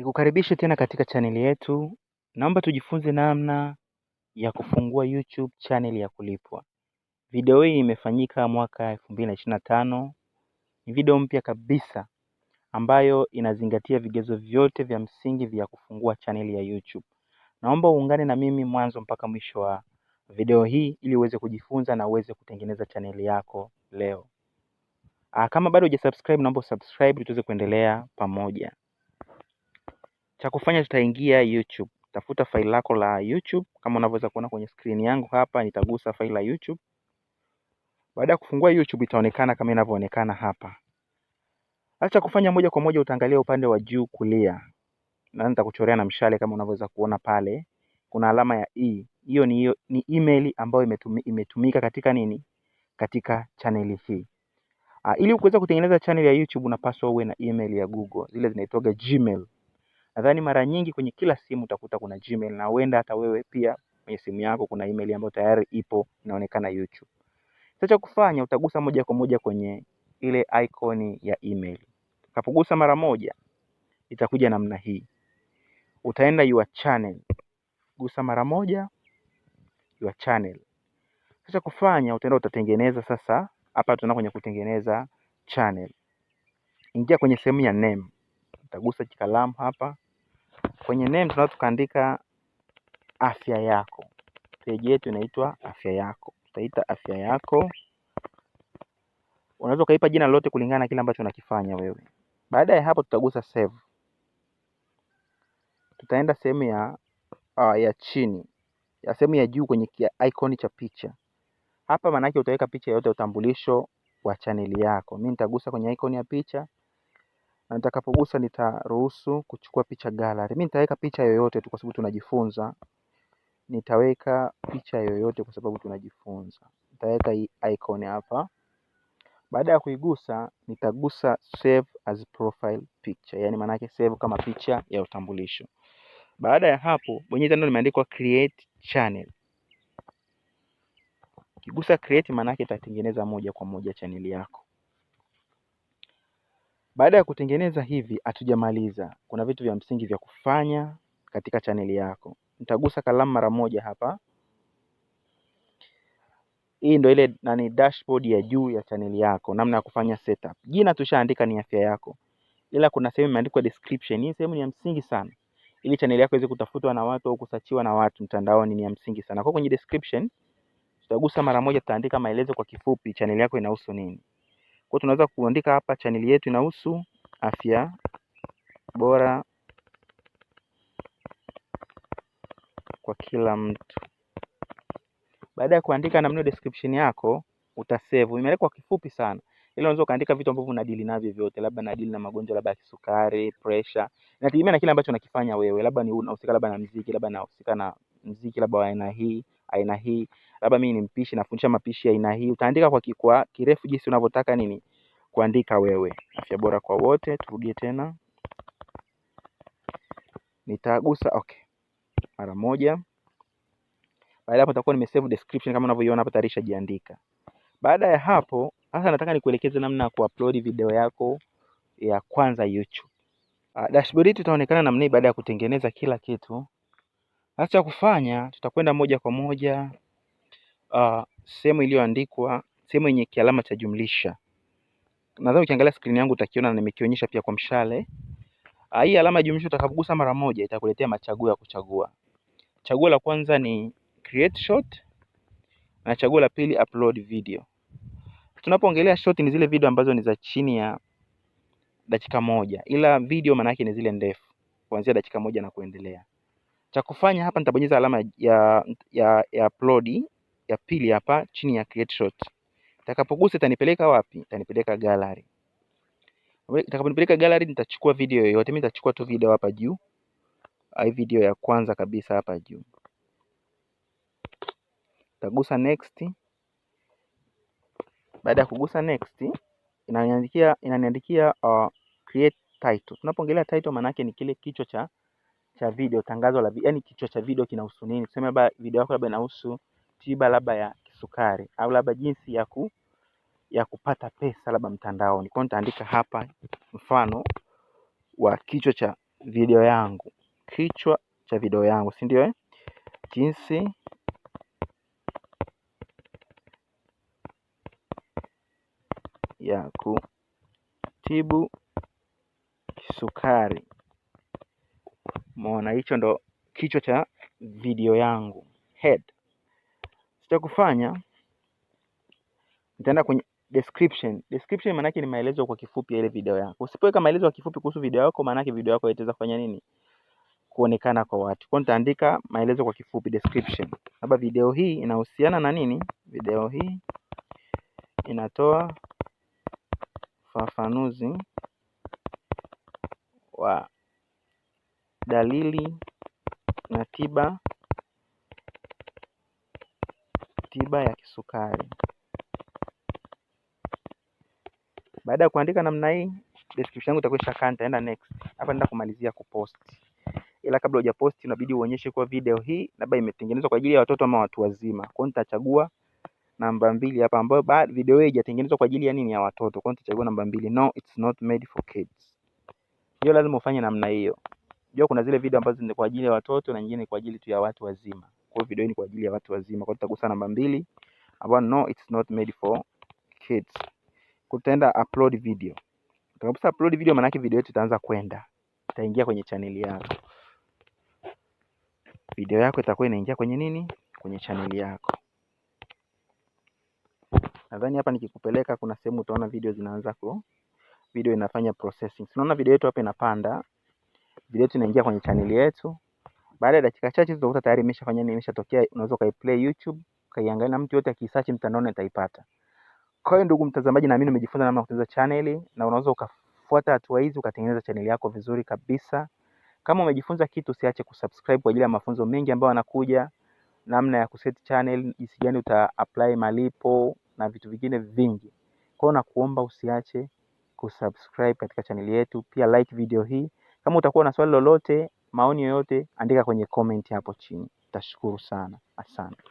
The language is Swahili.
Nikukaribishe tena katika chaneli yetu. Naomba tujifunze namna ya kufungua YouTube channel ya kulipwa. Video hii imefanyika mwaka 2025. Ni video mpya kabisa ambayo inazingatia vigezo vyote vya msingi vya kufungua chaneli ya YouTube. Naomba uungane na mimi mwanzo mpaka mwisho wa video hii ili uweze kujifunza na uweze kutengeneza chaneli yako leo. Ah, kama bado hujasubscribe, naomba usubscribe tuweze kuendelea pamoja. Cha kufanya tutaingia YouTube. Tafuta faili lako la YouTube kama unavyoweza kuona kwenye skrini yangu hapa, nitagusa faili la YouTube. Baada ya kufungua YouTube itaonekana kama inavyoonekana hapa. Sasa cha kufanya moja kwa moja utaangalia upande wa juu kulia. Na nitakuchorea na mshale kama unavyoweza kuona pale. Kuna alama ya i. E. Hiyo ni ni email ambayo imetumi, imetumika katika nini? Katika chaneli hii. Uh, ili uweze kutengeneza chaneli ya YouTube unapaswa uwe na email ya Google, zile zinaitwa Gmail. Nadhani mara nyingi kwenye kila simu utakuta kuna Gmail na huenda hata wewe pia kwenye simu yako kuna email ambayo tayari ipo inaonekana YouTube. Sasa cha kufanya utagusa moja kwa moja kwenye ile ikoni ya email. Utakapogusa mara moja itakuja namna hii. Utaenda your channel. Gusa mara moja your channel. Sasa kufanya utaenda utatengeneza sasa hapa tunaona kwenye kutengeneza channel. Ingia kwenye sehemu ya name nitagusa kikalamu hapa. Kwenye name tunaweza tukaandika afya yako. Peji yetu inaitwa afya yako, tutaita afya yako. Unaweza ukaipa jina lolote kulingana na kile ambacho unakifanya wewe. Baada ya hapo, tutagusa save. Tutaenda sehemu ya uh, ya chini ya sehemu ya juu kwenye icon cha picha hapa, maanake utaweka picha yote ya utambulisho wa chaneli yako. Mi nitagusa kwenye icon ya picha na nitakapogusa nitaruhusu kuchukua picha gallery. Mimi nitaweka picha yoyote tu kwa sababu tunajifunza. Nitaweka picha yoyote kwa sababu tunajifunza. Nitaweka hii icon hapa. Baada ya kuigusa, nitagusa save as profile picture, yani maana yake save kama picha ya utambulisho. Baada ya hapo, bonyeza neno limeandikwa create channel. Ukigusa create, maana yake itatengeneza moja kwa moja channel yako. Baada ya kutengeneza hivi, hatujamaliza. Kuna vitu vya msingi vya kufanya katika chaneli yako. Nitagusa kalamu mara moja hapa. Hii ndio ile nani, dashboard ya juu ya chaneli yako, namna ya kufanya setup. Jina tushaandika ni afya yako, ila kuna sehemu imeandikwa description. Hii sehemu ni ya msingi sana, ili chaneli yako iweze kutafutwa na watu au kusachiwa na watu mtandaoni, ni ya msingi sana. Kwa kwenye description tutagusa mara moja, tutaandika maelezo kwa kifupi, chaneli yako inahusu nini. Kwa tunaweza kuandika hapa chaneli yetu inahusu afya bora kwa kila mtu. Baada ya kuandika namna description yako utasave. Imewekwa kifupi sana. ili unaweza ukaandika vitu ambavyo unadili navyo vyote, labda nadili na magonjwa labda ya kisukari, pressure. Inategemea na kile ambacho unakifanya wewe. Labda ni unahusika labda na muziki, labda nahusika na muziki labda wa aina hii aina hii, labda mimi ni mpishi nafundisha mapishi ya aina hii, utaandika kwa kikwa kirefu jinsi unavyotaka nini kuandika wewe. Afya bora kwa wote, turudie tena, nitagusa okay mara moja. Baada hapo nitakuwa nimesave description kama unavyoiona hapo, tarisha ishajiandika. Baada ya hapo sasa nataka nikuelekeze namna ya kuupload video yako ya kwanza YouTube. Uh, dashboard hii tutaonekana namna hii baada ya kutengeneza kila kitu. Sasa cha kufanya tutakwenda moja kwa moja uh, sehemu iliyoandikwa sehemu yenye kialama cha jumlisha. Nadhani ukiangalia skrini yangu utakiona nimekionyesha pia kwa mshale. Uh, hii alama ya jumlisha utakapogusa mara moja itakuletea machaguo ya kuchagua. Chaguo la kwanza ni create short na chaguo la pili upload video. Tunapoongelea short ni zile video ambazo ni za chini ya dakika moja, ila video maana yake ni zile ndefu kuanzia dakika moja na kuendelea. Cha kufanya hapa nitabonyeza alama ya, ya, ya upload ya pili hapa chini ya create shot. Nitakapogusa itanipeleka wapi? Itanipeleka gallery. Itakaponipeleka gallery nitachukua video yoyote. Mimi nitachukua tu video hapa juu. Hii video ya kwanza kabisa hapa juu. Nitagusa next. Baada ya kugusa next, inaniandikia inaniandikia uh, create title. Tunapoongelea title maana yake ni kile kichwa cha cha video, tangazo la yani, kichwa cha video kinahusu nini? Tuseme labda video yako labda inahusu tiba labda ya kisukari au labda jinsi ya ku ya kupata pesa labda mtandaoni. Kwa nitaandika hapa mfano wa kichwa cha video yangu, kichwa cha video yangu, si ndio eh? Jinsi ya kutibu kisukari Umeona, hicho ndo kichwa cha video yangu head. cha kufanya nitaenda kwenye description. Description maana yake ni maelezo kwa kifupi ile video yako. Usipoweka maelezo kwa kifupi kuhusu video yako, maana yake video yako itaweza kufanya nini? Kuonekana kwa watu. Kwa nitaandika maelezo kwa kifupi description. Labda video hii inahusiana na nini? Video hii inatoa ufafanuzi wa Dalili na tiba tiba ya kisukari. Baada ya kuandika namna hii, description yangu itakuwa ishakata, nitaenda next. Hapa naenda kumalizia kupost, ila kabla hujapost inabidi uonyeshe kuwa video hii labda imetengenezwa kwa ajili ya watoto ama watu wazima. Kwa hiyo nitachagua namba mbili hapa, ambayo video hii haijatengenezwa kwa ajili ya nini, ya watoto. Kwa hiyo nitachagua namba mbili, no it's not made for kids. Hiyo lazima ufanye namna hiyo. Unajua kuna zile video ambazo ni kwa ajili ya watoto na nyingine kwa ajili tu ya watu wazima. Kwa hiyo video hii ni kwa ajili ya watu wazima. Kwa hiyo tutagusa namba mbili ambayo no it's not made for kids. Kutenda upload video. Utakaposa upload video, maana yake video yetu itaanza kwenda. Itaingia kwenye channel yako. Video yako itakuwa inaingia kwenye nini? Kwenye channel yako. Nadhani hapa nikikupeleka, kuna sehemu utaona video zinaanza ku video inafanya processing. Unaona video yetu hapa inapanda video yetu inaingia kwenye channel yetu. Baada ya dakika chache tu utakuta tayari imeshafanya nini, imeshatokea. Unaweza ukaiplay YouTube ukaiangalia, na mtu yote akisearch mtandaoni ataipata. Kwa hiyo ndugu mtazamaji, na mimi nimejifunza namna ya kutengeneza channel, na unaweza ukafuata hatua hizi ukatengeneza channel yako vizuri kabisa. Kama umejifunza kitu, usiache kusubscribe kwa ajili ya mafunzo mengi ambayo yanakuja, namna ya kuset channel, jinsi gani uta apply malipo na vitu vingine vingi. Kwa hiyo nakuomba usiache kusubscribe katika channel yetu, pia like video hii kama utakuwa na swali lolote, maoni yoyote, andika kwenye comment hapo chini. Tashukuru sana, asante.